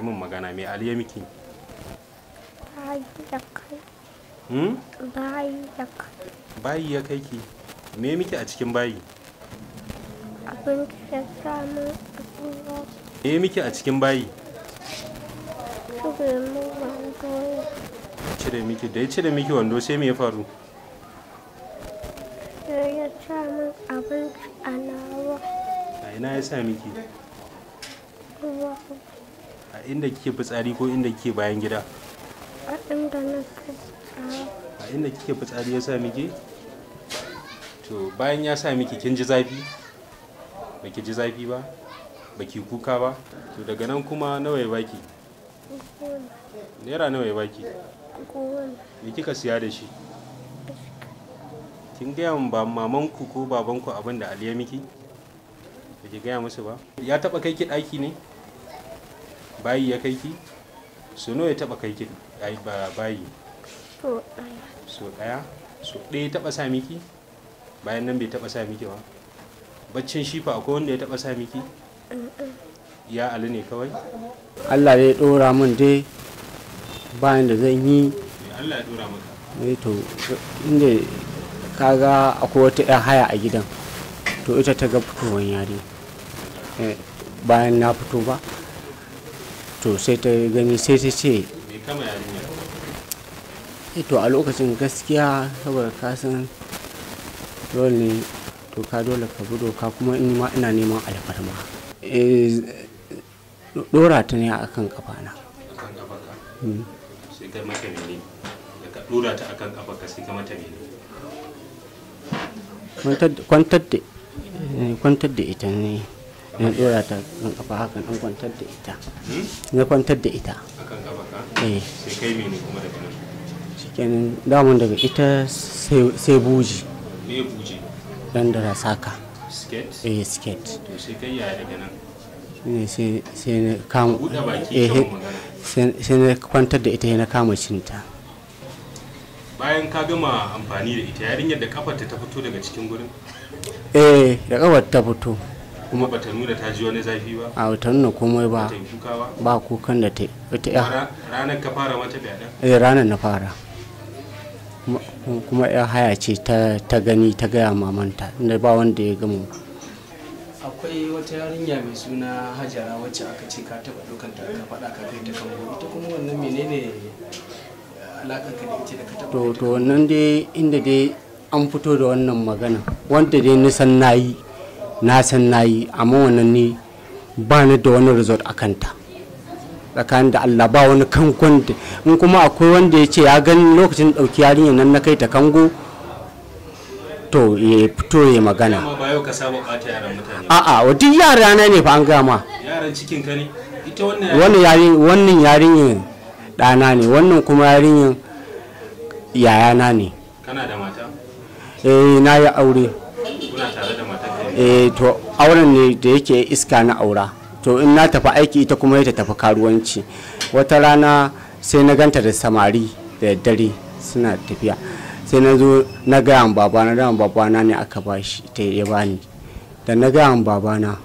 yi min magana mai ali ya miki hmm? bayi ya kai ki me miki a cikin bayi abinci me miki a cikin bayi cire cire miki da ya cire miki wando sai me ya faru ya sa min abinci a nawa a ina ya sa miki a inda kike fitsari ko inda kike bayan gida a inda na a inda kike fitsari ya sa miki to bayan ya sa miki kin ji zafi baki ji zafi ba baki kuka ba to daga nan kuma nawa ya baki naira nawa ya baki me kika siya da shi kin gaya min ba mamanku ko babanku abin da ali ya miki baki gaya musu ba ya taba kai ki daki ne bayi ya kai ki so nawa ya taba kai ki ba bayi so daya so daya so daya taba sa miki bayan nan bai taba sa miki ba baccin shifa akwai wanda ya taba sa miki ya ali ne kawai Allah zai dora min dai bayan da zan yi eh, Allah ya dora maka eh to inda kaga akwai wata yan haya a gidan to ita ta ga fitowar yare eh, bayan na fito ba to sai ta gani sai ta ce eh to a lokacin gaskiya saboda ka san dole to ka dole ka bi doka kuma in ma ina neman alfarma dora eh, ta ne a kafana hmm. sai na. da ka sai ka eh, kwantar da ita ne na dora ta kan kafa hakan an kwantar da ita hmm? na kwantar da ita akan kafa ka eh sai kai mene kuma daga daga ita sai buji ne buji dan da rasaka skate eh skate to sai kai ya daga nan ne sai sai na kama eh sai na kwantar da ita na kama cinta bayan ka gama amfani da ita yarinyar da ta fito daga cikin gurin eh da kafar ta fito kuma ba ta nuna ta ji wani zafi ba a wata nuna komai ba ba kukan da ta ita ya ranar ka fara mata da. eh ranar na fara kuma ya haya ce ta gani ta gaya mamanta inda ba wanda ya gamu akwai wata yarinya mai suna hajara wacce aka ce ka taɓa ɗaukar ta ka faɗa ka kai ta kango ita kuma wannan menene eh, alaƙar ka da ita da ka taba to to wannan dai inda dai an fito da wannan magana wanda dai nisan nayi na san na yi amma wannan ni ba ni da wani result a kanta tsakanin da Allah ba wani kankon da in kuma akwai wanda ya ce ya gani lokacin ɗauki yarinyar nan na kai ta kango to ya fito ya magana a'a wa duk yara na ne fa an gama yaran cikin ka ne ita wannan yarin wannan yarinyar ɗana ne wannan kuma yarinyar yayana ne kana da mata eh na yi aure eh to auren ne da yake iska na aura to in na tafi aiki ita kuma ita tafi karuwanci wata rana sai na ganta da samari da daddare suna tafiya sai na zo na gaya babana da babana ne aka bashi ta ya bani da na gaya babana